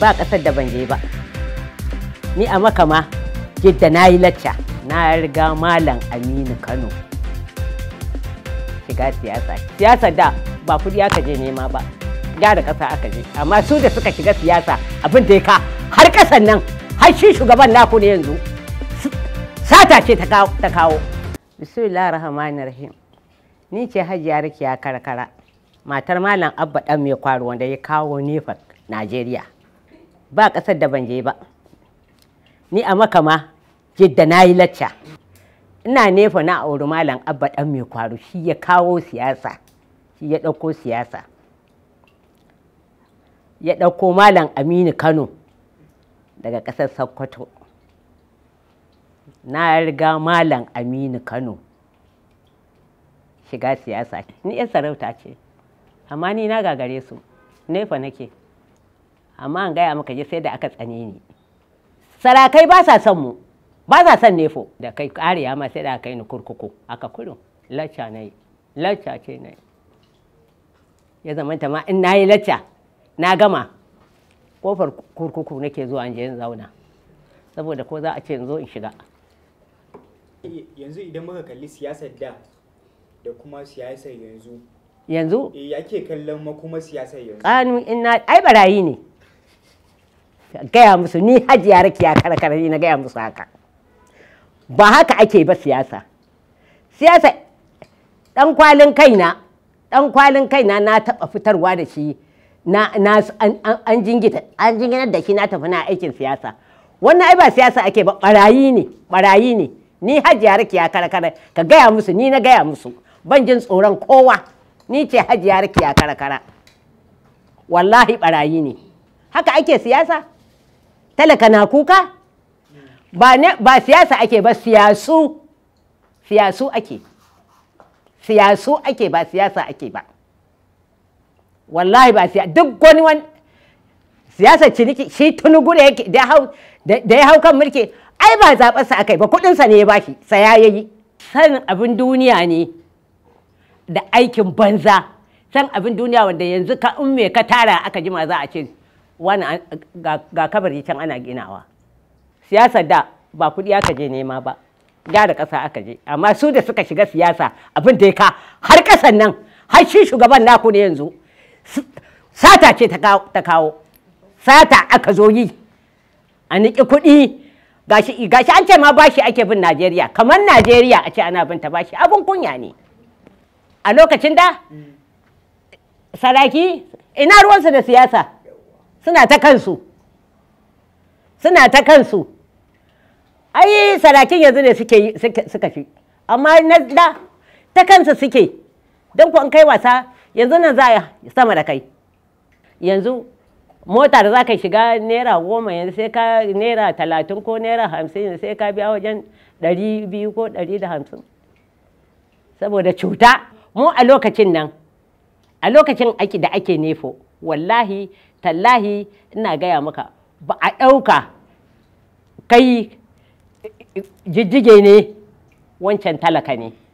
ba ƙasar da ban je ba ni a makama jidda na yi lacca na riga malam aminu kano shiga siyasa siyasa da ba kudi aka je nema ba gyara ƙasa aka je amma su da suka shiga siyasa abin da ya ka har ƙasan nan har shi shugaban naku ne yanzu sata ce ta kawo bismillah rahmanir rahim ni ce hajiya rikiya karkara matar malam abba dan mai kwaro wanda ya kawo nefa najeriya ba ƙasar da ban je ba ni a makama jidda na yi lacca ina nefa na auri malam abba ɗan mai kwaro shi ya kawo siyasa shi ya ɗauko siyasa ya ɗauko malam aminu kano daga ƙasar sokoto na riga malam aminu kano shiga siyasa ni 'yan sarauta ce amma ni na gagare su nefa nake amma an gaya maka je sai da aka tsane ni sarakai ba sa son mu ba sa son nefo da kai kariya ma sai da aka yi ni kurkuku aka kudu lacca na yi lacca ce na yi ya zamanta ma in na yi lacca na gama kofar kurkuku nake zuwa in je in zauna saboda ko za a ce in zo in shiga yanzu idan muka kalli siyasar da da kuma siyasar yanzu yanzu eh, ya ke kallon makuma siyasar yanzu kanu ina ai barayi ne gaya musu ni hajiya ya karkara na gaya musu haka ba haka ake ba siyasa siyasa dan kwalin kaina dan kwalin kaina na taba fitarwa da shi na an jingita an jinginar da shi na tafi na aikin siyasa wannan ai ba siyasa ake ba barayi ne barayi ne ni hajiya ya karkara ka gaya musu ni na gaya musu ban jin tsoron kowa ni ce hajiya ya karkara wallahi barayi ne haka ake siyasa talaka na kuka ba siyasa ake ba siyasu siyasu ake siyasu ake ba siyasa ake ba wallahi ba siyasa duk wani wani siyasa ciniki shi tunugu da ya hau kan mulki ai ba zaɓarsa aka yi ba kuɗinsa ne ya shi. saya ya yi san abin duniya ne da aikin banza san abin duniya wanda yanzu ka in me ka tara aka jima za a ce wani ga kabari can ana ginawa siyasa da ba kuɗi aka je nema ba gyara ƙasa aka je amma su da suka shiga siyasa abin da ya ka har ƙasan nan har shi shugaban naku ne yanzu sata ce ta kawo sata aka zo yi a niƙi kuɗi ga gashi an ce ma bashi ake bin Najeriya kamar Najeriya a ce ana bin ta bashi abin kunya ne a lokacin da mm. saraki ina ruwansa da siyasa suna ta kansu suna ta kansu ai sarakin yanzu ne suka fi amma na da ta kansu suke don ku an kai wasa yanzu nan za a sama da kai yanzu mota da za ka shiga naira goma yanzu sai ka naira talatin ko naira hamsin sai ka biya wajen ɗari biyu ko ɗari da hamsin saboda cuta mu a lokacin nan a lokacin da ake nefo wallahi tallahi ina gaya maka ba a ɗauka kai jijjige ne wancan talaka ne